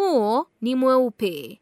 huo ni mweupe.